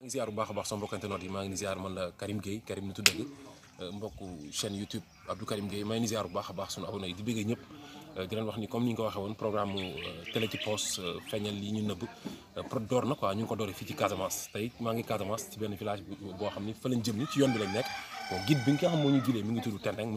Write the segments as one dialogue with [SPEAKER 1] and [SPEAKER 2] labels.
[SPEAKER 1] maa ngi ziar bu baax a baax sama mbokk internet yi maa ngi ni ziar man la Karim Gueye Karim nitu dëgg euh, mbokku chaîne YouTube Abdou Karim Gueye maa ni ziar bu baax a baax sunu abonné yi di bëggee ñëpp euh, di leen wax ni comme ni nga ko waxee woon programme euh, télé ci poche feeñal yi ñu nëbb pro door na quoi ñu ngi ko dooree fii ci Casamance tey maa ngi Casamance ci benn village boo xam ni fa lañ jëm ni ci yoon bi lañ nekk bon bi nga xam moo ñu gilee mi ngi tudd Tendeng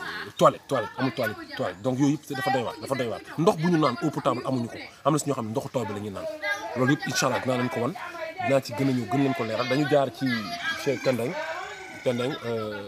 [SPEAKER 1] toilette toilette amul toilette toilette donc yooyu yëpp dafa doy waar dafa doy waar ndox bu ñu naan eau potable amuñu ko am na si ñoo xam ne ndoxu taw bi la ñuy naan loolu yëpp incha allah dinaa leen ko wan dinaa ci gën a ñëw gën leen ko leeral dañu jaar ci chez Tendeng Tendeng euh,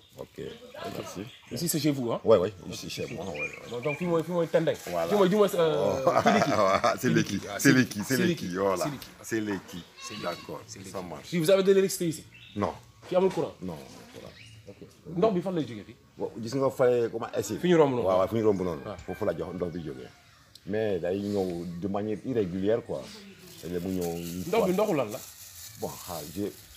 [SPEAKER 2] Ok, merci. Ici, c'est chez vous, hein ouais ouais ici, chez moi. Ouais.
[SPEAKER 1] Donc, dis moi une moi Voilà. Dis-moi, euh, oh.
[SPEAKER 2] c'est l'équi. Ah, c'est qui ah, c'est l'équi, voilà. C'est qui d'accord, ça marche. Si vous avez de l'électricité ici Non. qui a le courant Non, voilà. Donc, bi fan lay jógee fii. waaw gis nga fay comment eh, est fi ñu romb noonu waaw waaw fi ñu romb la jox ndox bi jógee. mais day de manière irrégulière quoi. c'est le bu ñëw. ndox bi ndoxu lan la. bon xal ah, je.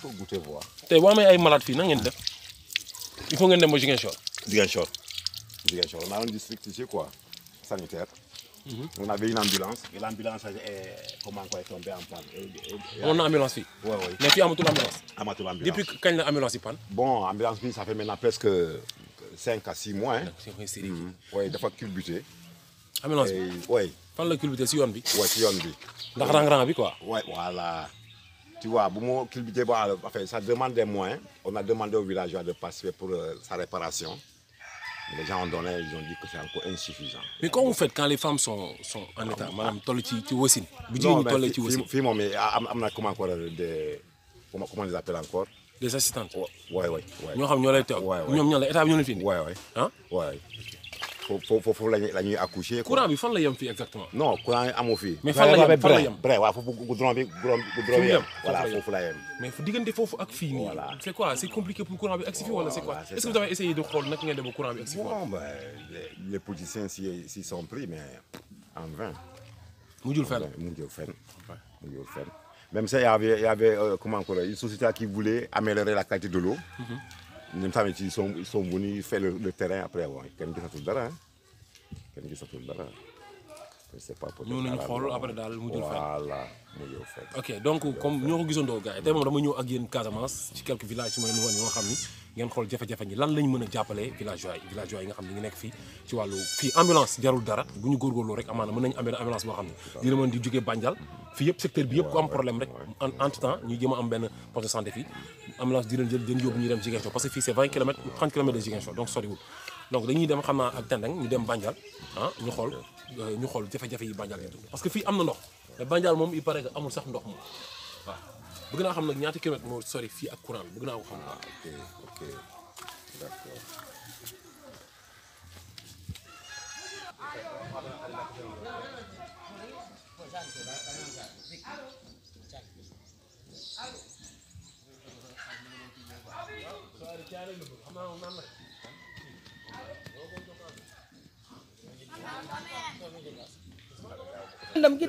[SPEAKER 2] faut goûter voir.
[SPEAKER 1] tey boo amee ay malade fii na ngeen def
[SPEAKER 2] il faut ngeen dem ba Ziguinchor. Ziguinchor Ziguinchor on a un district ici quoi sanitaire. Mhm. On avait une ambulance. Et l'ambulance, est... comment quoi, est tombée en panne. on a une ambulance ici Oui, oui. Mais tu as toute l'ambulance Amatou l'ambulance. Depuis quand l'ambulance est panne Bon, ambulance, ça fait maintenant presque 5 à 6 mois. Hein. Ah, c'est vrai, c'est mm -hmm. Oui, des fois culbuté. Ambulance Oui. Quand le culbuté, c'est une Oui, c'est La grand-grand, quoi Oui, voilà. Tu vois, enfin, ça demande moins. On a demandé aux villageois de passer pour euh, sa réparation. Les gens ont donné, ils ont dit que c'est encore insuffisant.
[SPEAKER 1] Mais comment vous faites quand les femmes sont, sont en état ah, Madame Toleti, tu aussi Non, mais film,
[SPEAKER 2] mais ah, comment encore euh, des... Comment, on les appelle encore Des assistantes Oui, oui. Nous avons l'État. Nous avons l'État. Oui, oui faut, faut la nuit accoucher. courant bi fan la yem exactement. non courant yi amoo mais fan la yem fan la yem bref que foofu bi goudron bi yem. voilà foofu la yem.
[SPEAKER 1] mais faut foofu ak fii nii. voilà C'est quoi C'est compliqué pour courant bi agsi fii wala c' est quoi est ce que vous avez essayé de xool naka ngeen dem courant bi bon
[SPEAKER 2] ben les politiciens s'ils sont pris mais en vain. mujjul fenn mujjul fenn mujjul fenn même ça y avait il y avait euh, comment encore une société qui voulait améliorer la qualité de l'eau mhm. ñoom tamit ils sont ils sont venus faire le, le terrain après bon kenn gisatul dara kenn gisatul dara. c'est pas pour ñëw nañu xool après daal mu jël voilà
[SPEAKER 3] mu jël
[SPEAKER 1] fekk donc comme ñoo ko gisandoo gars yi tey moom dama ñëw ak yéen Casamance ci quelques villages su ma leen wan xam ni. ngeen xool jafe-jafe ñi lan lañ mën a jàppale villageois yi villageois yi nga xam ne ñu nekk fii ci wàllu fii ambulance jarul dara bu ñu góorgóorloo rek amaana mën nañu ambulance boo xam ne di jógee Bandial fii a am parce que fii c'est 20 kilomètres 30 kilomètres de Ziguinchor donc soriwul donc dañuy dem xam naa ak Tendeng ñu dem Bandial ah, ñu xool euh, ñu xool jafe-jafe yi Bandial yi dund parce que fii am na ndox mais moom il paraît que amul sax ndox bëgg naa xam nag ñaata kilomètre moo sori fii ak Kuraan bëgg naa xam. ah ok ok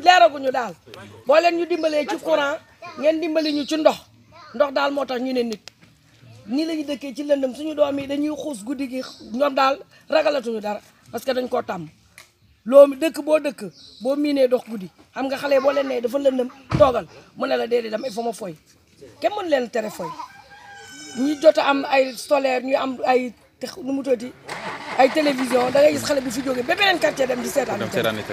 [SPEAKER 4] d' daal boo ñu dimbalee ci courant. ngeen dimbali ñu ci ndox ndox daal moo tax ñu ne nit nii lañu dëkkee ci lëndëm suñu doom yi dañuy xuus guddi gi ñoom daal ragalatuñu dara parce que dañ koo tàmm loo dëkk boo dëkk boo miinee dox guddi xam nga xale boo leen nee dafa lëndëm toogal mu ne la déedéet dama il faut ma fooy kenn mën leen tere fooy ñi jot am ay solaire ñu am ay nu mu tooti ay télévision da ngay gis xale bu fi jógee ba beneen quartier dem di seetaan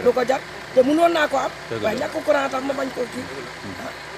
[SPEAKER 4] lu ko jar te mënoon naa ko am waaye ñàkk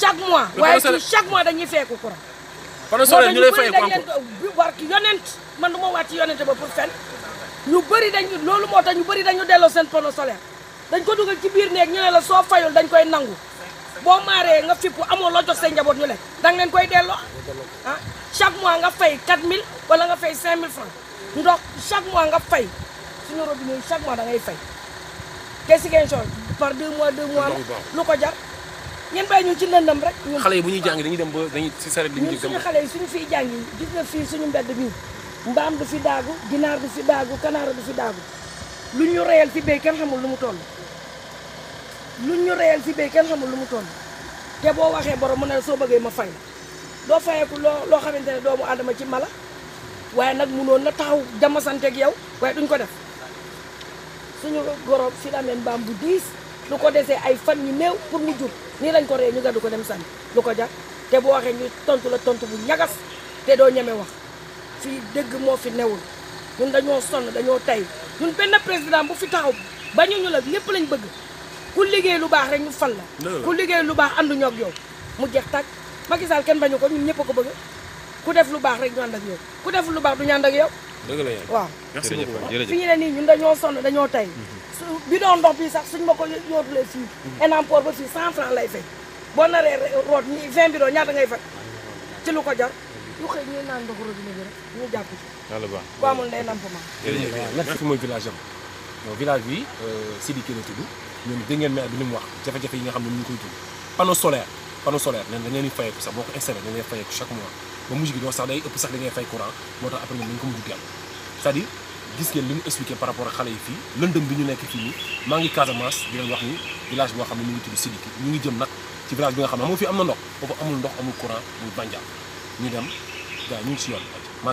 [SPEAKER 4] chaque mois waaye chaque mois dañuy feeku courant
[SPEAKER 1] panneau solaire ñu lay fay courant
[SPEAKER 4] bi war ki yonent man du ma wàcc yonent ba pour fen bëri dañu loolu moo tax ñu bëri dañu delloo seen panneau solaire dañ ko dugal ci biir néeg ñu ne la soo fayul dañ koy nangu boo maaree nga fippu amoon la jox say njaboot ñu lekk danga leen koy delloo ah chaque mois nga fay mil wala nga fay 5000 francs ndox chaque mois nga fay suñu robinet yi chaque mois da ngay fay te si par deux mois deux mois la lu ko jar ngeen bàyyi ñu ci lëndam rek xale yi bu ñuy
[SPEAKER 3] jàng
[SPEAKER 1] dañuy dem ba dañuy si saret dañuy dem suñu xale
[SPEAKER 4] yi suñu fiy jàngi gis nga fii suñu mbedd mii mbaam du fi daagu ginaar du fi daagu kanaara du fi daagu lu ñu reyal fi béy kenn xamul lu mu toll lu reyal fi béy kenn xamul lu mu toll te boo waxee borom mu ne soo bëggee ma fay do fayeeku loo loo xamante ne doomu aadama ci mala waaye nag munoon na taxaw jamasanteeg yow waaye duñ ko def suñu gorob fi la mbam mbaam bu diis lu ko desee ay fan yu néew pour mu jur nii lañ ko ree ñu gàddu ko dem sànni lu ko jar te bu waxee ñu tontu la tontu bu ñagas te doo ñeme wax fii dëgg moo fi newul ñun dañoo sonn dañoo tay ñun benn président bu fi taxaw bañu ñu la lépp lañ bëgg ku liggéey lu baax rek ñu fal la ku liggéey lu baax ànduñoo ak yow mu jeex tàkk Macky Sall kenn bañu ko ñun ñëpp ko bëgg ku def lu baax rek ñu ànd ak yow ku def lu baax du ñu ànd ak yow
[SPEAKER 3] dëgg la waaw fi ñu
[SPEAKER 4] ne nii ñun dañoo sonn dañoo tay mm-hmm. su bidon ndox bi sax suñ ma ko yóotulee mhm. en Enampor ba fii 100 francs lay fay boo naree root ñi vingt bidon ñaata ngay fay ci lu ko jar lu xey ñi nan ndox robinet bi rek ñu japp ci. yàlla baax ku amul lay namp ma. jërëjëf
[SPEAKER 1] fi mooy village am no village bi euh, Sidiki la tudd ñoom dégg ngeen maire bi ni wax jafé jafé yi nga xam ñu koy tudd panneau solaire panneau solaire nen dañ leen di fayeeku sax boko ko installé dañ leen fayeeku chaque mois ba mujj gi doo sax day ëpp sax da ngay fay courant motax après ñu dañ ko mu gàll c'est-à-dire gis ngeen li mu par rapport ak xale yi lëndëm bi ñu nekk ngi Casamance di wax ni village boo xam ñu ngi tudd ñu ngi jëm ci village bi fi na ndox foofu amul ndox amul courant muy Bandia ñu dem gars ñu ba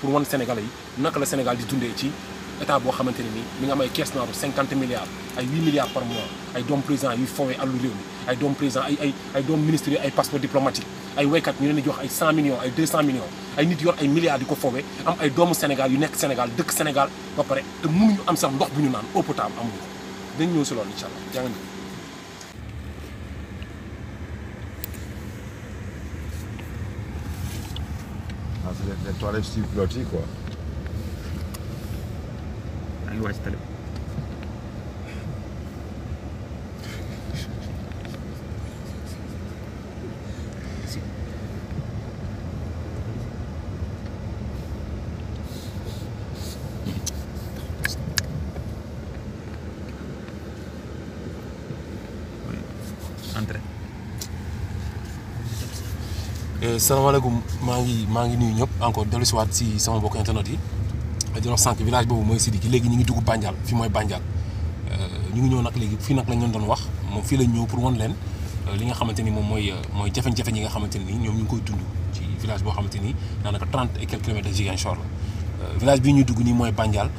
[SPEAKER 1] pour wan Sénégalais yi Sénégal di dundee ci état boo mi nga 50 milliards ay 8 milliards par mois ay doom président ay doom président ay ay ay doom ministre ay passeport diplomatique ay waykat ñu leen di jox ay 100 millions ay 200 millions ay nit yor ay milliards di ko foowee am ay doomu Sénégal yu nekk Sénégal dëkk Sénégal ba paré te mënuñu am sax ndox bu ñu naan eau potable amuñu dañ ñëw ci loolu inshallah allah jaa ngi
[SPEAKER 3] Ah,
[SPEAKER 2] c'est les, les toilettes style quoi. Allez, ouais, c'est
[SPEAKER 1] salaamaaleykum maa ngi maa ngi nuyu ñëpp encore dellu si waat si sama mbokk internet yi di wax sànq village boobu mooy Sidiki léegi ñu ngi dugg Bandial fi mooy Bandial euh, ñu ngi ñëw nag léegi fii nag lañ leen doon wax moom fii lañ ñëw pour wan leen euh, li nga xamante ni moom mooy euh, mooy jafe-jafe nga xamante ni ñoom ñu ngi koy dund ci village boo xamante ni daanaka trente et quelques kilomètres de Ziguinchor la village bii mooy Bandial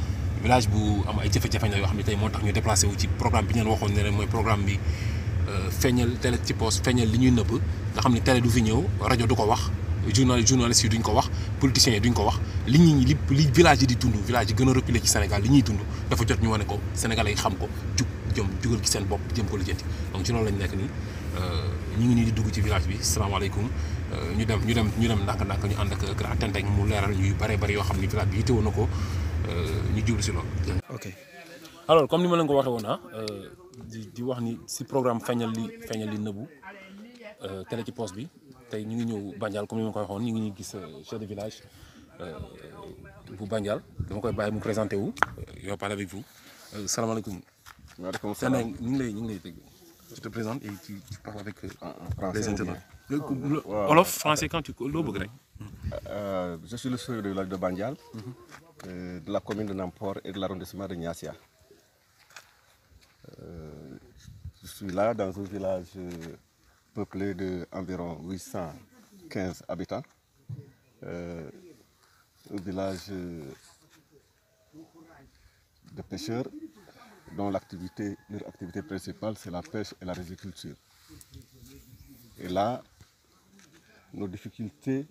[SPEAKER 1] village bu am ay jafe-jafe yoo xam ne tey moo tax ñu déplacé wu ci programme bi ñu leen waxoon ne mooy programme bi feeñal télé ci poste feeñal li ñuy nëbb nga xam ne télé du fi ñëw rajo du ko wax journal journaliste yi duñ ko wax politiciens yi duñ ko wax li ñi li li village yi di dund village yi gën a reculé ci Sénégal li ñuy dund dafa jot ñu wane ko Sénégal yi xam ko jug jëm jugal ci seen bopp jëm ko lijjanti donc ci loolu lañ nekk nii euh, ñi ngi nii di dugg ci village bi salaamaaleykum euh, ñu dem ñu dem ñu dem ndànk-ndànk ñu ànd ak grand tente mu leeral ñuy bare bare yoo xam ni village bi yittewoon na ko euh, ñu jublu si loolu. ok alors comme ni ma leen ko waxee woon ah di di wax ni si programme feeñal li feeñal li nëbu Euh, télé ci poste bi tay ñu ngi ñëw Bandial comme ni ma ko waxoon ñu ngi ñuy gis euh, chef de village euh bu Bandial dama koy baye mu présenté wu. yow euh, parle avec vous salam alaykoum wa waaleykum salaam ñu ngi lay ñu lay dégg. je te présente et tu tu parles avec les internautes. Olof, français quand tu loo bëgg rek. je
[SPEAKER 5] suis le chef de village de Bandial. euh, de la commune de Namport et de l'arrondissement de Niassia. je suis là dans un village peuplé de environ 815 habitants. un euh, village euh, de pêcheurs dont l'activité, leur activité principale, c'est la pêche et la riziculture. Et là, nos difficultés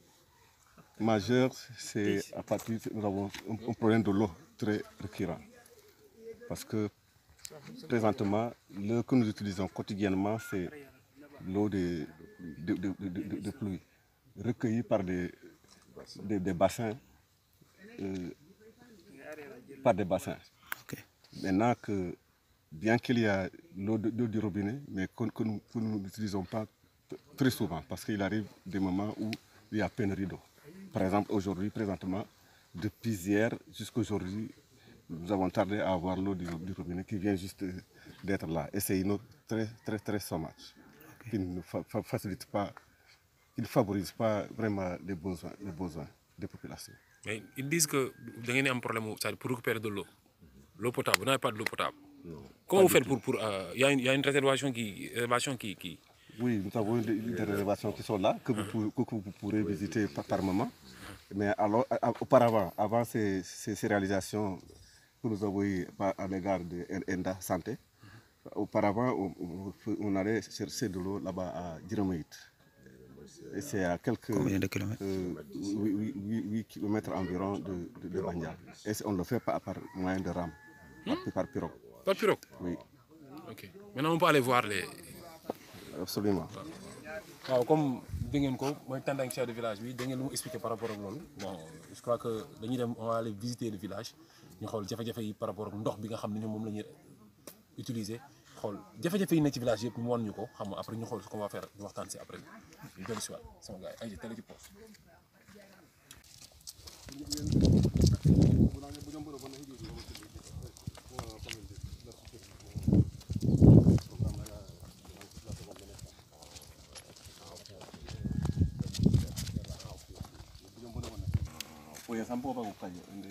[SPEAKER 5] majeures, c'est à partir, nous avons un problème de l'eau très récurrent. Parce que présentement, l'eau que nous utilisons quotidiennement, c'est l'eau de, pluie recueillie par des, des, bassins, des bassins. Euh, Maintenant que, bien qu'il y a l'eau du robinet, mais que, que nous n'utilisons pas très souvent, parce qu'il arrive des moments où il y a pénurie d'eau. Par exemple, aujourd'hui, présentement, depuis hier aujourd'hui, nous avons tardé à avoir l'eau du, robinet qui vient juste d'être là. Et c'est une eau très, très, très sommage qui ne favorisent facilite pas, favorise pas vraiment les besoins, les besoins des populations.
[SPEAKER 1] Mais ils disent que vous avez un problème pour récupérer de l'eau. L'eau potable, vous n'avez pas de l'eau potable. Comment vous faites pour... Euh, il y, y, a une réservation qui... Réservation qui, qui...
[SPEAKER 5] Oui, nous avons des, réservations qui sont là, que vous, ah. pourrez visiter par, moment. Mais alors, auparavant, avant ces, ces réalisations que nous avons eues à l'égard de Enda Santé, Auparavant, on, allait chercher de l'eau là-bas à Diramoït. Et c'est à quelques... Combien de kilomètres 8, euh, kilomètres environ de, de, Et on le fait par, par moyen de rame, hmm? par, pirogue.
[SPEAKER 1] Par pirogue Oui. Ok. Maintenant, on peut aller voir les... Absolument. Alors, comme dégg moi ko un chef de village bi dégg nous expliqué par rapport au loolu bon je crois que nous on va aller visiter le village ñu xool voir jafe yi par rapport à l'eau, bi nga xam utiliser xool jafe-jafe yi nekk ci village yëpp ñu wan ñu ko xam nga après ñu xool su ko va faire ñu waxtaan si après ñu dellu si waat sama gars ay télé ci poos
[SPEAKER 2] Oye, tampoco pago calle, en de,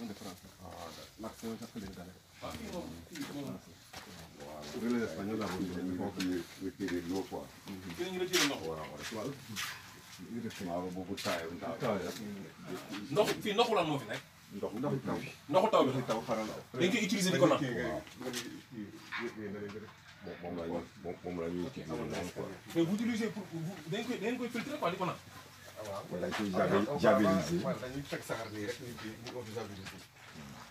[SPEAKER 2] en de Francia. Ah, la acción se ha salido de relais espagnol la boobu il faut que ñu retiré l' eau quoi. gën ñu retiré ndox. waaw waaw directement ba boobu taayoo taayoo.
[SPEAKER 1] ndox fii ndoxu lan moo fi nekk. ndox ndoxu taw bi. ndoxu taw bi ndoxu taw xanaa la. dañ koy utiliser di ko naan.
[SPEAKER 2] moom la ñuy moom la ñuy utiliser naan quoi.
[SPEAKER 1] mais bu utiliser pour dañ koy dañ koy filtrer quoi di ko naan.
[SPEAKER 2] voilà dañ koy jabe
[SPEAKER 5] jabiliser. waaw dañuy fekk saxar nii rek ñu ko jabiliser.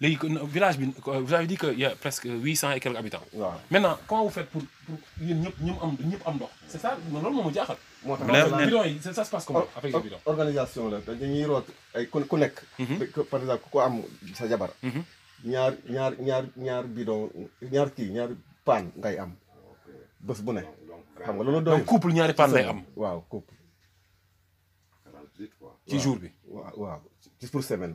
[SPEAKER 1] le village vous avez dit qu'il y a presque 800 et quelques habitants. maintenant comment vous faites pour que ça ça se passe comment avec les
[SPEAKER 5] organisation là mhm. par exemple bidon couple
[SPEAKER 2] jour
[SPEAKER 1] Oui, pour semaine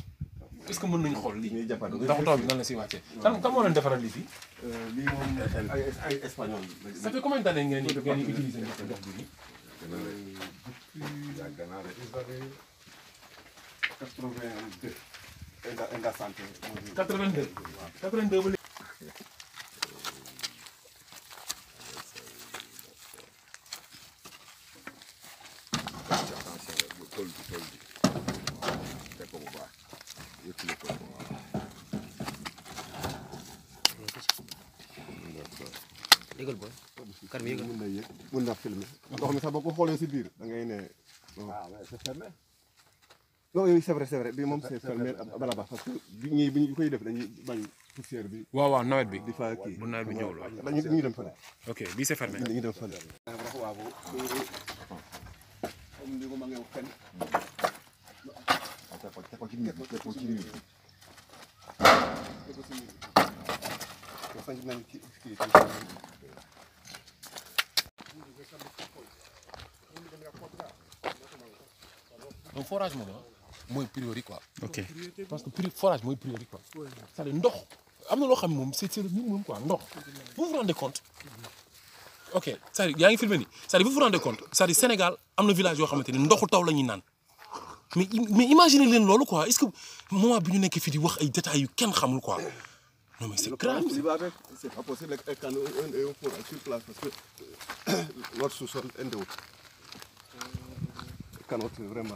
[SPEAKER 1] est-ce que mën nañu xool lii. ñuy jàppale
[SPEAKER 2] ndax taw bi nan la siy wàccee. kan kan moo
[SPEAKER 5] leen
[SPEAKER 1] defaral lii fii. Euh, lii moom ay ay espagnol. ça fait combien d'années ngeen di ngeen di utiliser ndox bi nii.
[SPEAKER 2] yàgg naa de.
[SPEAKER 5] quatre-vingt-deux.
[SPEAKER 1] 82. 82.
[SPEAKER 5] non yooyu c'est vrai c'est vrai bi moom c'est fermé baraba parce que ñi bi ñu koy def dañuy bañ poussière bi. waaw
[SPEAKER 1] waaw nawet bi di fa kii bu nawet bi ñëwul waaw dañuy dañuy dem fële. ok bii c'est fermé dañuy dem fële. Um foragem, mano. mooy priori quoi. ok parce que pri forage mooy priori quoi. c'est-à-dire ndox am na loo xam ne moom c'est le minimum quoi ndokh vous vous rendez compte. Mm-hmm. ok c'est-à-dire yaa ngi filmé nii cest à vous vous rendez compte cest à Sénégal amna village yo xamanteni ni taw lañuy ñuy mais mais imaginez len lolu quoi est-ce que moment biñu nek fi di wax ay détails yu kenn xamul quoi. Non mais c'est
[SPEAKER 5] grave. C'est pas possible avec un un au forage sur place parce que notre sous-sol est en haut. Quand on vraiment.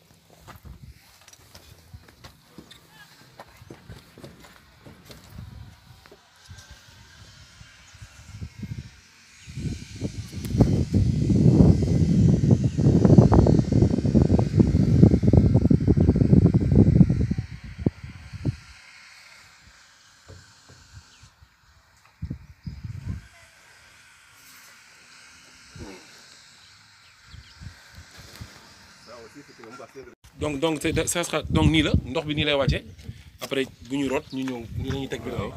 [SPEAKER 1] donc donc ça sera donc ni là ndox bi ni lay wàcce après buñu rot ñu ñew ñu lañuy tek bi waaw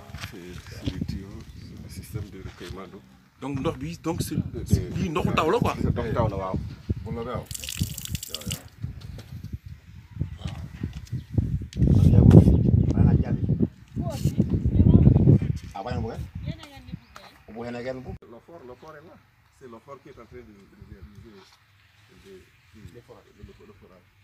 [SPEAKER 1] système de recueillement d'eau donc ndox bi donc si lii ndoxu taw la quoi ndoxu taw la waaw mun na waaw
[SPEAKER 5] Le fort, le fort est C'est le fort qui est en train de, de, de, de, de, de, de, de, de, de, de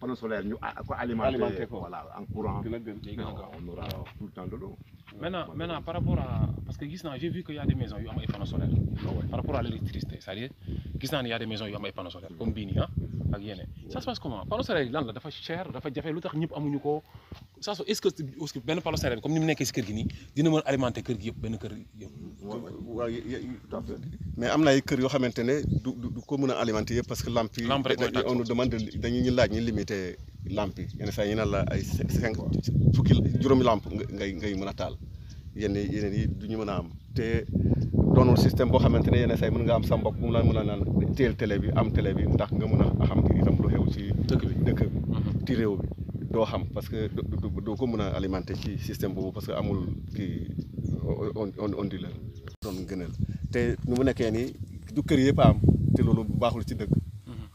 [SPEAKER 2] panneau solaire ñu ko alimenter voilà en courant on aura tout le temps de l'eau
[SPEAKER 1] maintenant maintenant par rapport à parce que j'ai vu qu'il y a des maisons yu am ay panneaux solaires ah par rapport à l'électricité c'est-à-dire gis il y a des maisons yu am ay panneaux solaires comme hein? ça se passe comment panneau solaire là, lan la dafa cher dafa jafe lu tax ñëpp amuñu ko ça se est-ce que ben panneau solaire comme ni mu nekkee si kër gi nii dina mën alimenter kër gi yëpp benn kër mais
[SPEAKER 5] amna ay kër yo xamantene du du ko mën alimenter parce que lampe on nous demande dañu ñu laaj ñi limite te làmp yi yenn saa yi ñu ne la ay cinq fukki juróomi làmp nga ngay ngay mën a taal yenn yeneen yi du ñu mën a am te doonul système boo xamante ne yenn saa yi mën nga am sa mbokk mu la mën a naan teel télé bi am bi ndax nga mën a xam itam lu xew ci dëkk bi mhm. réew bi doo xam parce que doo ko mën a alimenter ci système boobu parce que amul kii onduleur doon gënal te nu mu nekkee nii du kër yëpp am te loolu baaxul ci dëkk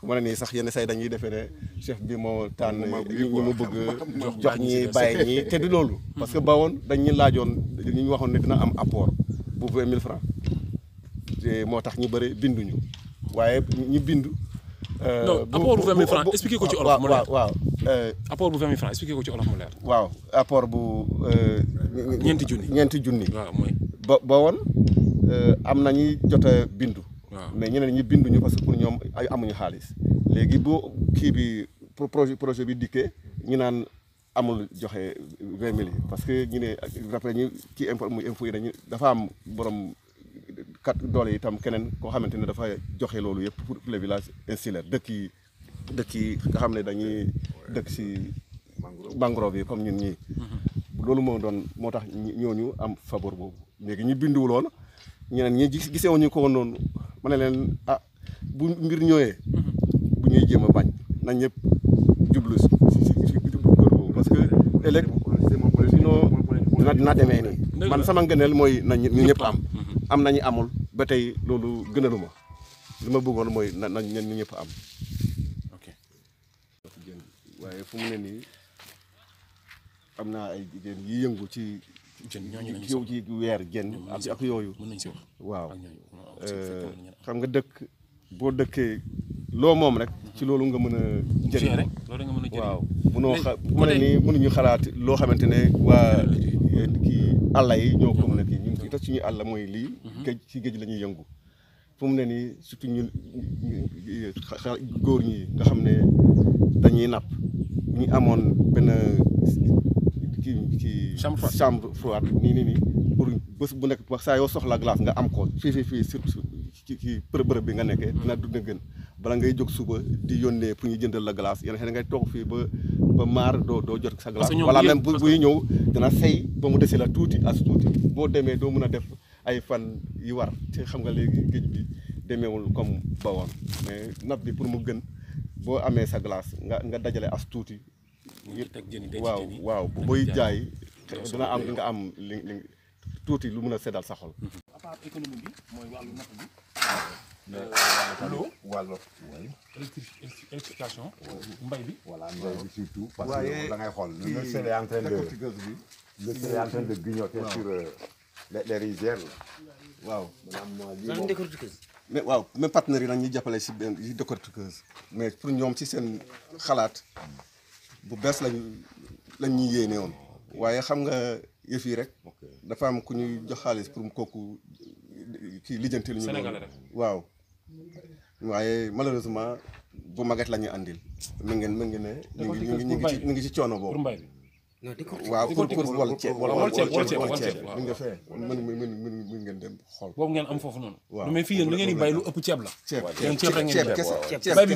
[SPEAKER 5] fu mu ne nii sax yenn say dañuy defee ne chef bi moo tànn ñi mu bëgg jox ñi bàyyi ñi te du loolu parce que mm-hmm. bawoon dañ ñu laajoon ñu waxoon ne dina am apport bu vingt mille francs moo tax ñu bëri binduñu waaye
[SPEAKER 1] ñu bindu euh, non apport bu ko ci olof mu leer waaw apport bu vingt mille francs ci olof
[SPEAKER 5] waaw apport bu ñeenti junni ñeenti junni waaw mooy ba bawoon euh, am nañuy jot a bindu mais ñeneen ñi bindu ñu parce que pour ñom ay amuñu xaalis légui boo ki bi projet projet bi diké ñi naan amul joxé vingt mille parce que ñi né rappel ñi ki info muy impôt yi dañu dafa am borom kat doole itam keneen ko xamanteni dafa joxé lolu yépp pour le village insulaire dekk yi dekk yi nga xamné dañuy dekk ci mangrove yi comme ñun ñi mhm. lolu mo doon moo tax ñooñu am faveur boobu léegi ñu lool ñeneen ñi gisé gisewuñu ko non ma ne leen ah bu mbir ñëwee bu ñuy jéem a bañ na ñëpp jublu si si si góor man sama ngëneel mooy nañ ñu ñépp am am nañu amul ba tey loolu gënalu ma ma bëggoon mooy na nañ ñu ñëpp am ok waaye fu mu ne nii am naa ay jigéen yi yëngu ci jën ñooñu lañu weer jën ak yooyu mën nañ si waaw xam nga dëkk boo dëkkee loo moom rek ci loolu nga mën a jëriñ waaw munoo xa mu ne nii mënuñu xalaat loo xamante ne waa kii àll yi ñoo ko mën a kii ñun fi tax suñu àll mooy lii mhm. géej ci géej la yëngu fu mu ne nii surtout ñun ñi nga dañuy ci ci chambre chambre froide ni ni ni pour bés bu nekk wax saa yoo soxla glace nga am ko fi fi fii surtout ci ci bërëb bi nga nekkee hmm. dina dund gën bala ngay jóg suba di yónnee pour ñu jëndal la glace yeneen xëy ngay toog fi ba ba maar doo doo jot sa glace wala même bu buy ñëw dana say ba mu dese la tuuti as tuuti bo demee doo mun def ay fan yi war te xam nga léegi géej bi demeewul comme ba woon mais napp bi pour mu gën boo amee sa glace nga nga dajale as tuuti ngir waaw waaw bu booy jaay dina am di nga am tuuti lu mun a seddal sa xol.
[SPEAKER 1] mooy wàllu napp bi. allo euh, wàllu euh, mbay bi voilà mbay bi surtout parce que
[SPEAKER 3] ngay xool le sel est en train de le sel est en train de grignoter sur euh, les
[SPEAKER 5] rizières la waaw
[SPEAKER 2] maanaam décortiqueuse
[SPEAKER 5] mais waaw même partenaires yi nag ñuy jàppale si benn yi décortiqueuse mais pour ñoom si seen xalaat bu bees lañ lañ ñuy yéene woon waaye xam nga yëf yi rek dafa am ku ñu jox xaalis pour mu kooku kii lijjanti li ñu waaw waaye malheureusement bu magat la ñuy àndil mi ngeen mi ngi ne ñu ngi ñu ngi ci coono boobu ngeen am foofu noonu waaw mais fii yéen ngeen di bay ëpp ceeb la ceeb ceeb ceeb ceeb kese ceeb bay bi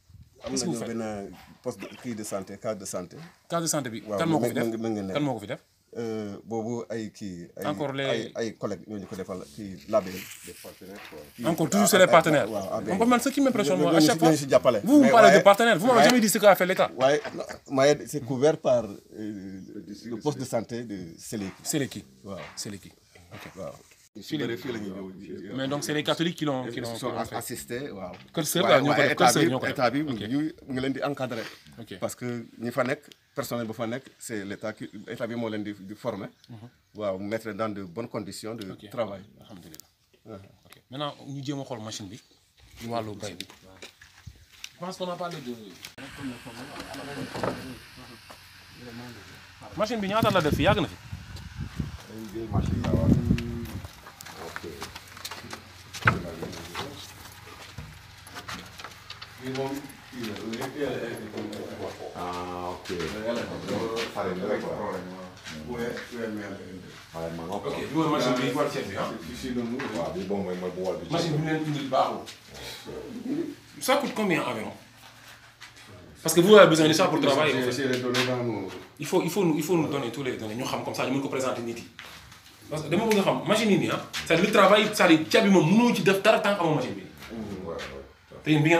[SPEAKER 5] am nañu benn poste kii de santé cadre de santé. cadre de santé bi. waaw kan moo fi def kan moo fi def. boobu ay kii. encore les ay ay collègues ñoo ñu ko defal kii label des partenaires quoi. encore toujours c'est les partenaires. waaw man ce qui m'impressionne moi à chaque fois vous parlez de partenaires vous m'avez jamais dit ce qu'a fait l'État. waaye Mayed c'est couvert par euh, le poste de santé de Séléki. Séléki waaw Séléki ok ah, mais donc c'est les catholiques qui l'ont qui l'ont assisté waaw kër sër daal ko encadré parce que ñi fa nek personnel bu fa nek c'est l'état qui état bi mo leen di di formé mhm. waaw mettre dans de bonnes conditions de
[SPEAKER 3] travail
[SPEAKER 1] alhamdoulillah maintenant ñu jéem xol machine bi ñu walu bay bi je pense qu'on a parlé de machine bi ñata la def fi yàgg na fi ça coûte combien environ. Parce que vous avez besoin de ça pour travailler. Il faut, il faut, nous, il faut nous donner tous les données. Nous comme ça, nous nous présenter Parce que vous ah, le travail, ça les nous, bien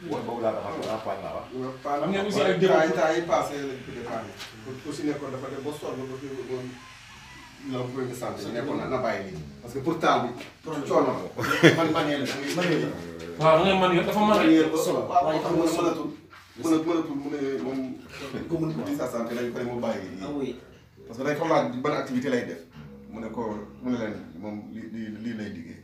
[SPEAKER 3] boobu laa taxaw ah Paa laa wax. am nañu aussi ay déggoo temps yi passé
[SPEAKER 5] lañ ko dépanné. ku si nekkoon dafa dem ba sonn ba fi moom la problème de santé nekkoon na na bàyyi lii. parce que pour temps bi. coono la man man yéen a man waaw da ngay man yéen dafa mën a yéen ba solo waaye xam nga mënatul mënatul mënatul mu ne moom commune bi sa santé lañ ko ne mu bàyyi lii. parce que day xam naa ban activité lay def. mu ne ko mu ne leen moom lii lii lay liggéey.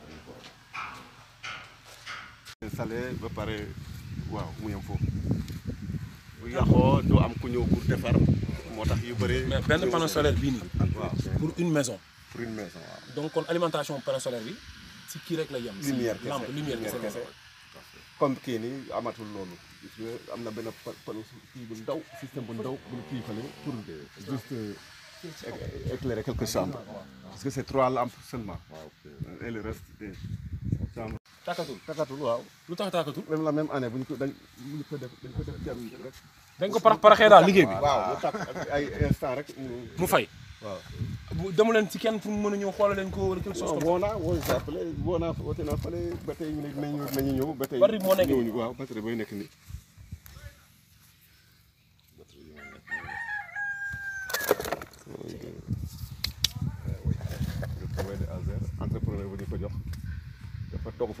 [SPEAKER 5] installé ba pare waaw mu yem foofu bu do am ku ñëw pour defar motax yu bëri. mais ben panneau solaire bi ni ah,
[SPEAKER 1] pour une maison. pour une maison waaw. donc kon alimentation panneau solaire bi ci ki rek la yem.
[SPEAKER 5] lumière lampe lumière kese comme ki ni amatul lolu gis am na benn panneau kii bu ndaw système bu ndaw bu ki fale pour juste euh, éclairer quelques chambres parce que c'est trois lampes seulement. et le reste des chambres. tàkkatul tàkkatul waaw lu tax tàkkatul même la même année bu ñu ko dañ ko def dañ ko def jàmm
[SPEAKER 3] rek dañ ko parax paraxee daal liggéey bi
[SPEAKER 1] ay instant rek
[SPEAKER 5] mu fay
[SPEAKER 3] waaw
[SPEAKER 1] bu dama ci kenn pour mu mën a ñëw xoolal leen ko wala quelque chose comme woo naa woo naa fële woo naa naa
[SPEAKER 5] fële ba tey ñu ne dinañ ñëw dinañu ñëw ba tey bari moo nekk nekk nii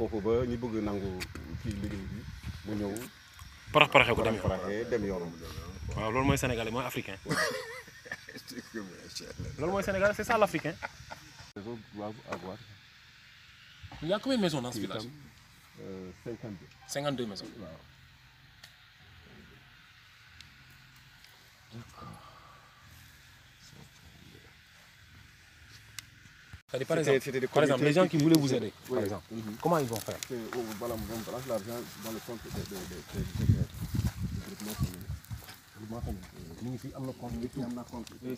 [SPEAKER 5] foofu ba ñu bëgg nangu kii liggéey bi mu ñëw.
[SPEAKER 1] parax paraxee ko dem yoon waaw loolu mooy sénégalais mooy africain. loolu mooy sénégalais c'est ça l'africain. il y a combien de maisons dans ce village? Euh, maisons. par, exemple, les gens qui, voulaient vous aider, par exemple, mhm. comment ils vont faire oh, l'argent dans le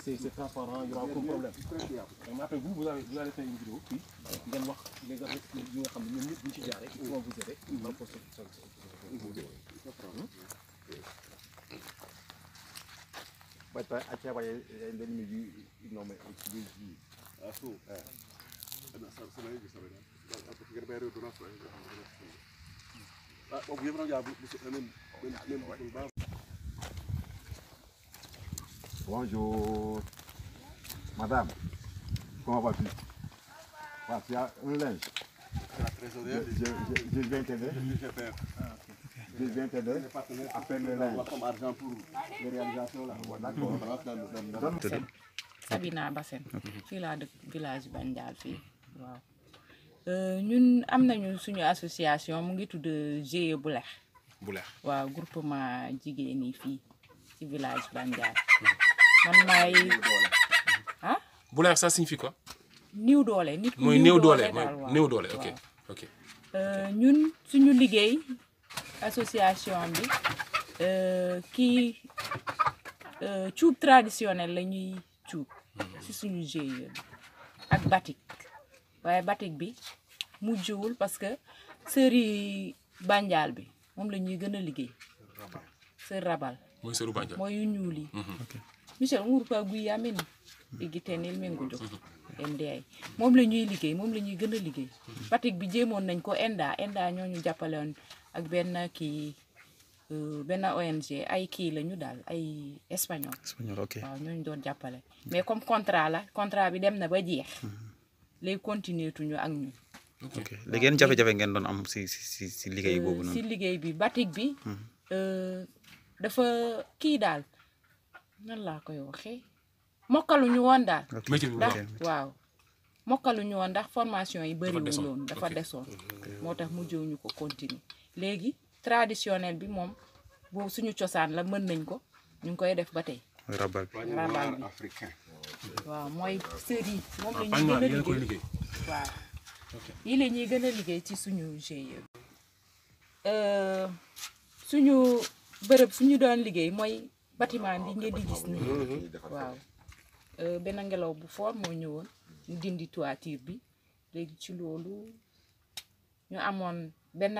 [SPEAKER 1] C'est transparent, il n'y aura aucun problème. Vous, vous vous allez une vidéo, puis vous allez voir les qui
[SPEAKER 5] vous aider
[SPEAKER 2] Bonjour. Madame, comment vas-tu qu'il y un linge. Je,
[SPEAKER 5] je, je viens t'aider. Je ah, t'aider. argent pour les réalisations
[SPEAKER 6] Sabina Bassène fii laa dëkk village Bandial fii waaw euh, ñun am nañu suñu association mu ngi tudd GIE Bulex Bulex waaw groupement jigéen yi fii ci village Bandial hmm. man maay ah
[SPEAKER 1] Bulex ça signifie quoi
[SPEAKER 6] néew doole nit mooy néew doole euh, ñun suñu liggéey association bi euh, kii cuub traditionnel la cuub si suñu GIE ak batik waaye batik bi mujjewul parce que sër yi bi moom la ñuy gën a liggéey sër rabal
[SPEAKER 1] mooy sëru bànjaal mooy yu ñuul yi mhm.
[SPEAKER 6] michel nguur pa guy yamen igi teenil moom la ñuy liggéey moom la ñuy gën a liggéey mhm. batik bi jéemoon nañ ko enda ñooñu jàppale ak benn kii benn ONG ay kii la ñu daal ay espagnol. espagnol ok waaw ñooñu doon jàppale. mais comme contrat la contrat bi dem na ba jeex. Mm-hmm. lay continuer ak ñun.
[SPEAKER 3] ok léegi
[SPEAKER 1] yan jafe-jafe
[SPEAKER 5] ngeen doon am si si si liggéey boobu euh, si
[SPEAKER 6] liggéey bi batik bi. Mm-hmm. Euh, dafa kii daal nan laa koy waxee mokkaluñu woon daal.
[SPEAKER 1] ndax
[SPEAKER 6] waaw. woon ndax formation yi bëriwul woon dafa desoon moo tax mujjewuñu ko continuer léegi. traditionnel bi moom boobu suñu cosaan la mën nañ ko ñu ngi koy def ba tey.
[SPEAKER 3] rabal bi rabal
[SPEAKER 5] bi waaw
[SPEAKER 6] mooy sër yi ah,
[SPEAKER 5] moom la ñuy gën a liggéey
[SPEAKER 3] waaw
[SPEAKER 6] yii gën a liggéey ci suñu GIE euh, suñu bërëb suñu doon liggéey mooy bâtiment bi ngeen di gis nii ah, waaw euh, benn ngelaw bu fort moo ñëwoon ñu dindi toiture bi léegi ci loolu ñu amoon benn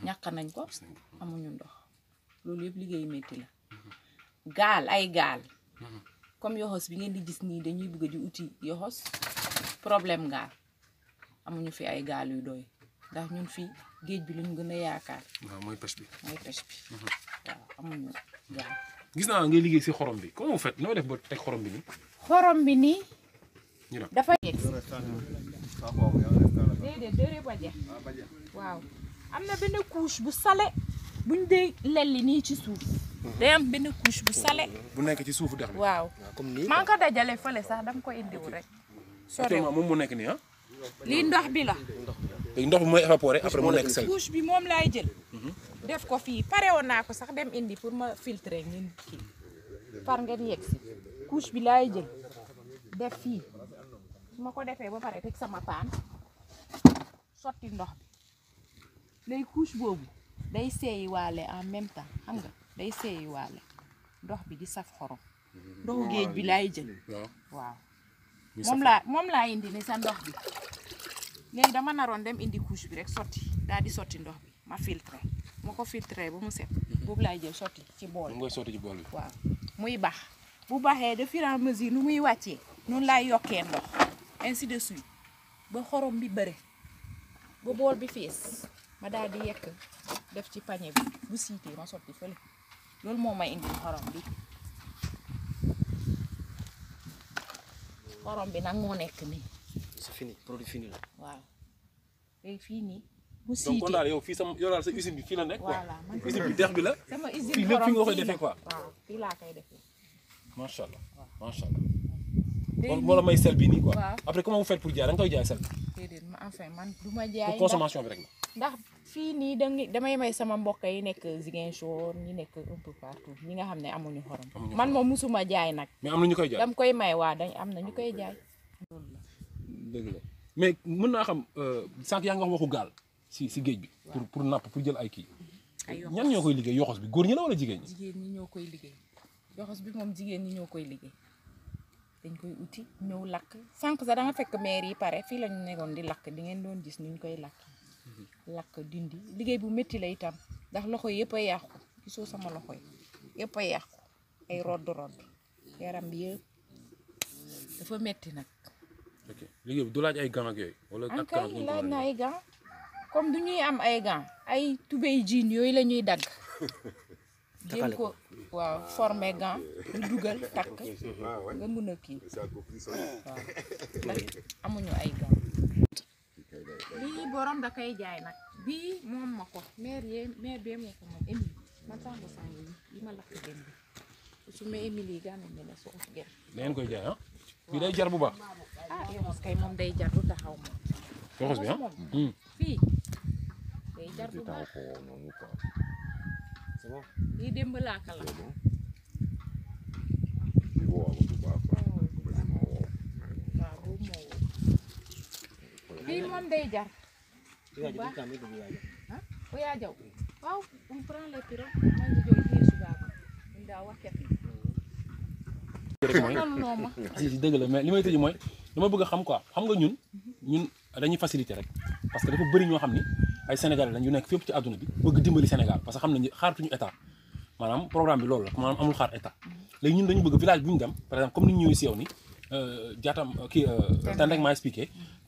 [SPEAKER 6] ñàkk mm-hmm. nañ ko mm-hmm. amuñu ndox loolu yëpp liggéey métti la mm-hmm. gal. ay gaal comme yoxos bi ngeen di gis nii dañuy bëgg di uti yoxos problème gaal amuñu fi ay gaal yu doy ndax ñun fi géej bi luñ gën a yaakaar waaw mooy pêche bi mooy pêche bi waaw amuñu gaal
[SPEAKER 1] gis naa ngay liggéey si xorom bi comment vous faites noo def ba teg xorom bi nii
[SPEAKER 6] xorom bi nii dafa déedéet dëre ah, ba jeex waaw am na benn couche bu sale buñ dee lelli nii ci suuf.
[SPEAKER 3] Mhm.
[SPEAKER 1] day
[SPEAKER 6] benn couche bu sale.
[SPEAKER 1] bu nekk ci suufu dex bi waaw. Ah, comme nii maa ngi ko
[SPEAKER 6] dajale fële sax dam ko indiwul rek. soriwul
[SPEAKER 1] moom mu nekk nii ah.
[SPEAKER 6] lii ndox bi la.
[SPEAKER 1] léegi ndox bi mooy évaporé après mu
[SPEAKER 3] nekk sel. couche
[SPEAKER 6] bi moom laay jël. Mhm. def ko fii pare woon naa ko sax dem indi pour ma filtrer ngeen kii par ngeen yegg si couche bi laay jël def fii su ma ko defee ba pare teg sama paan sotti ndox léegi couche boobu day seeyi waale en même temps xam nga day seeyi waale ndox bi di saf xorom ndoxu géej bi laay jël waaw moom laa moom laa indi ni sa ndox bi léegi dama naroon dem indi couche bi rek sotti daal di sotti ndox bi ma filtré ma ko filtré ba mu set mhm. boobu laay jël sotti ci bool
[SPEAKER 1] bi sotti ci bool waaw
[SPEAKER 6] muy baax bu baaxee de fur et nu muy wàccee noonu laay yokkee ndox ainsi de suite ba xorom bi bëre ba bool bi fees ma daal di yekk def ci panier bi bu siitee ma sorti fele loolu mo may indi xorom bi xorom bi nak mo nekk ni
[SPEAKER 1] c'est fini produit fini la.
[SPEAKER 6] waaw léegi fini
[SPEAKER 1] bu siitee donc on dal yow fi sama yow daal sa usine bi fi la nek quoi usine bi dex bi la.
[SPEAKER 6] sama usine fi lepp fi nga koy quoi. waaw fii laa koy defee.
[SPEAKER 1] macha allah macha allah.
[SPEAKER 6] kon moo may sel bi nii quoi.
[SPEAKER 1] après comment vous faites pour jaay da koy sel bi.
[SPEAKER 6] déedéet ma enfin man du ma pour consommation bi rek Fini, nii da damay may sama mbokk yi nekk Ziguinchor ñi nek un peu partout ñi nga xamne amuñu xorom man moom musuma jaay nak mais amna ñu koy jaay dam koy may wa dañ am na ñu koy jaay
[SPEAKER 1] deug la mais mën na xam euh, sank ya nga waxu gal si si geej bi pour pour nap pour jël ay ki ñan ñokoy liggéey yoxos bi góor ñi la wala jigen ñi
[SPEAKER 3] jigen ñi
[SPEAKER 6] ñokoy liggéey yoxos bi mom jigen ñi ñokoy liggéey dañ koy uti ñew lak sank sa da nga fekk maire yi pare fi lañu négon di lak di ngeen doon gis ñu koy lak lakk dindi liggéey bu metti la itam ndax loxo yëpp a yàqu gisoo sama loxo yi yëpp a yàqu ay rodd rodd yaram bi yëpp dafa métti nag.
[SPEAKER 1] ok liggéey bi du laaj ay gants ak yooyu. wala ak gants laaj na
[SPEAKER 6] ay gants comme du ñuy am ay gants ay tubéy jiin yooyu lañuy dagg.
[SPEAKER 1] jéem ko
[SPEAKER 6] waaw forme gant ñu dugal takk ah nga mun a kii waaw amuñu ay gants. lii borom da kay jaay nak bi mom mako ko mère yee mère bee moo ko moom Émilie man sànq saa yi li ma lakk gën bi su ma li gàmmi ne la so ko gel
[SPEAKER 1] ngeen koy jaay ha ah? bi day jar bu ba
[SPEAKER 6] ah yow kay mom day jar du taxaw ko
[SPEAKER 1] xos
[SPEAKER 2] bi ha ah? hmm fi day jar bu ba ko no ni baax.
[SPEAKER 6] lii démb laaka la. kala bi ko ba bii moom day jar. bu baax ah bu yaa jaw waaw on prend les pirogues man di jóg fii Subaaba
[SPEAKER 3] ñun daa wax ket. mais
[SPEAKER 1] li may tëj dama bëgg xam quoi xam nga ñun ñun dañuy faciliter rek parce que dafa bëri ñoo xam ay Sénégalais ci bi bëgg dimbali Sénégal parce que xam nañu état programme bi loolu amul xaar état léegi ñun dañu bëgg village bu dem par exemple comme ni ñu ñëwee si yow ni jaatam rek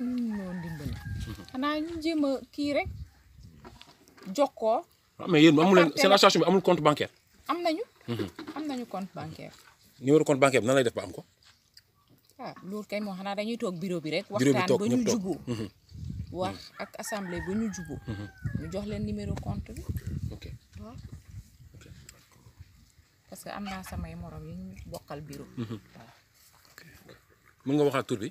[SPEAKER 3] ñu
[SPEAKER 6] mm, ñu ñëwoon dimbali. xanaa ñu jéem kii rek jokkoo.
[SPEAKER 1] waaw ah, mais yéen amu leen seen association bi amul compte bancaire. am nañu. Mhm.
[SPEAKER 6] am nañu compte bancaire.
[SPEAKER 1] numéro compte bancaire bi nan lay def ba am ko.
[SPEAKER 6] ah loolu kay moo xanaa dañuy toog bureau bi rek. waxtaan ba ñu jubóo. Mhm. wax ak assemblée ba ñu jubóo. Mhm. ñu jox leen numéro compte bi. ok que am naa samay morom yi ñu bokkal bureau.
[SPEAKER 1] mën nga waxaat tur bi.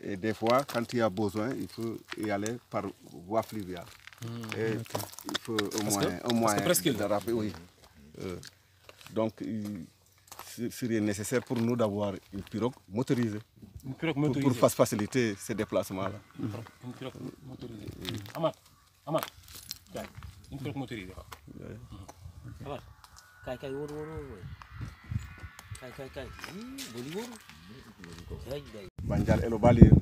[SPEAKER 5] Et des fois, quand il y a besoin, il faut y aller par voie fluviale. Hmm, et Il faut au moins, au moins presque de rappeler, oui. Hmm. Euh, donc, il serait nécessaire pour nous d'avoir une pirogue motorisée. Pour, faciliter ces déplacements-là.
[SPEAKER 1] Hmm. Une, pirogue motorisée. Amad, Amad, une pirogue motorisée.
[SPEAKER 2] Amad, kai kai kai bolibor Banjal et Lobalir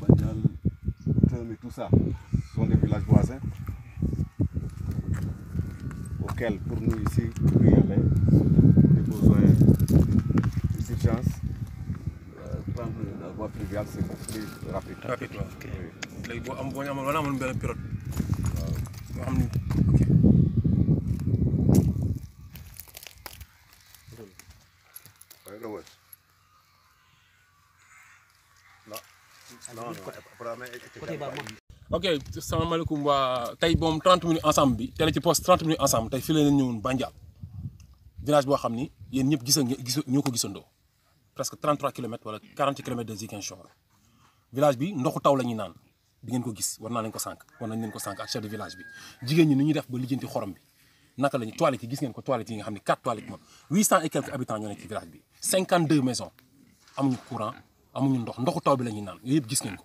[SPEAKER 2] Banjal
[SPEAKER 5] et tout ça sont des villages voisins auxquels pour nous ici pour y aller
[SPEAKER 1] des besoins d'urgence euh, prendre la voie fluviale c'est plus rapide rapide ok léegi boo am boo ñu amoon wala amoon benn période boo xam ni ok
[SPEAKER 2] côté baabu ma.
[SPEAKER 1] ok salaamaaleykum waa tey moom 30 minutes ensemble bi télé ci poste 30 minutes ensemble tey fii la leen village boo xam ni yéen ñëpp gis nga gis ñoo ko gisandoo presque 33 kilomètres wala 40 kilomètres de Ziguinchor village bi ndoxu taw la ñuy naan di ngeen ko gis war naa leen ko sànq war nañ leen ko sànq ak chef de village bi jigéen ñi nu ñuy def ba lijjanti xorom bi naka la ñu toilettes yi gis ngeen ko toilettes yi nga xam ne quatre toilettes moom 800 et quelques habitants ñoo nekk ci village bi 52 maisons amuñu courant ndox taw bi la ñuy naan gis ngeen ko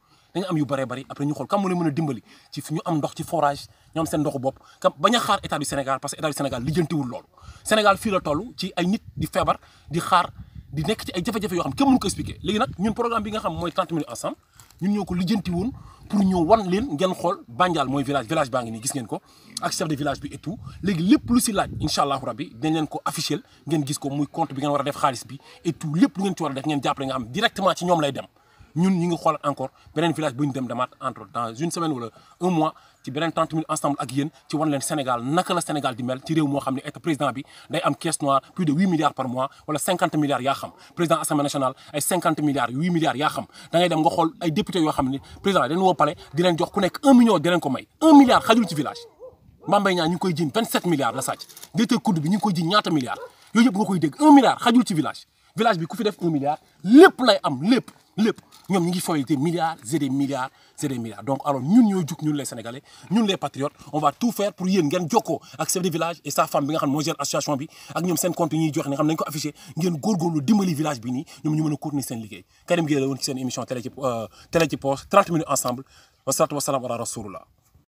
[SPEAKER 1] dañu am yu bari bari après ñu xol kam mo ne mëna dimbali ci ñu am ndox ci forage ñom seen ndoxu bop kam baña xaar état du Sénégal parce que état du Sénégal lijeenti lijjantiwul lool Sénégal fi la tollu ci ay nit di fébar di xaar di nekk ci ay jafe-jafe yo xam kenn mënu ko expliquer légui nak ñun programme bi nga xam moy 30 minutes ensemble ñun ñoko lijeenti lijjanti woon pour ñoo wan leen ngeen xol Bandial moy village village baa ngi gis ngeen ko ak chef de village bi et tout légui lepp lu ci laaj inshallah rabbi dañ leen ko officiel ngeen gis ko muy compte bi ngeen wara def xaliss bi et tout lepp lu ngeen ci wara def ngeen jàppale nga xam directement ci ñom lay dem nous nous nous encore dans un village bouin dem damat entre dans une semaine ou le un mois tu viens 30 000 ensemble à Guyane tu vois le Sénégal n'importe le Sénégal d'Imel tirer au mois comme être président bi là il caisse noire plus de 8 milliards par mois voilà 50 milliards yaham président assemblée nationale est 50 milliards 8 milliards yaham dans les damgo les députés yaham président de nouveau parler dire un jour connaît un million dire un comment un milliard quel petit village Mambaya nous coûte 27 milliards la sache des te coûte nous coûte 9 milliards il y a beaucoup de un milliard quel petit village village bi coûte 1 milliard lip là am lip lépp ñom ñi ngi fooy milliards et des milliards et des milliards donc alors ñun ñooy juk ñun les sénégalais ñun les patriotes on va tout faire pour yéen ngeen jokkoo ak chef de village et sa femme bi nga xam mo moo gère association bi ak ñom seen compte ñi jox ni xam nañ ko afficher ngeen góorgóorlu dimbali village bi ni ñom ñu mëna a continuer seen liggéey Karim Gueye won ci seen émission télé ci euh, télé ci poche 30 minutes ensemble wa salatu wa salam ala rasoulullah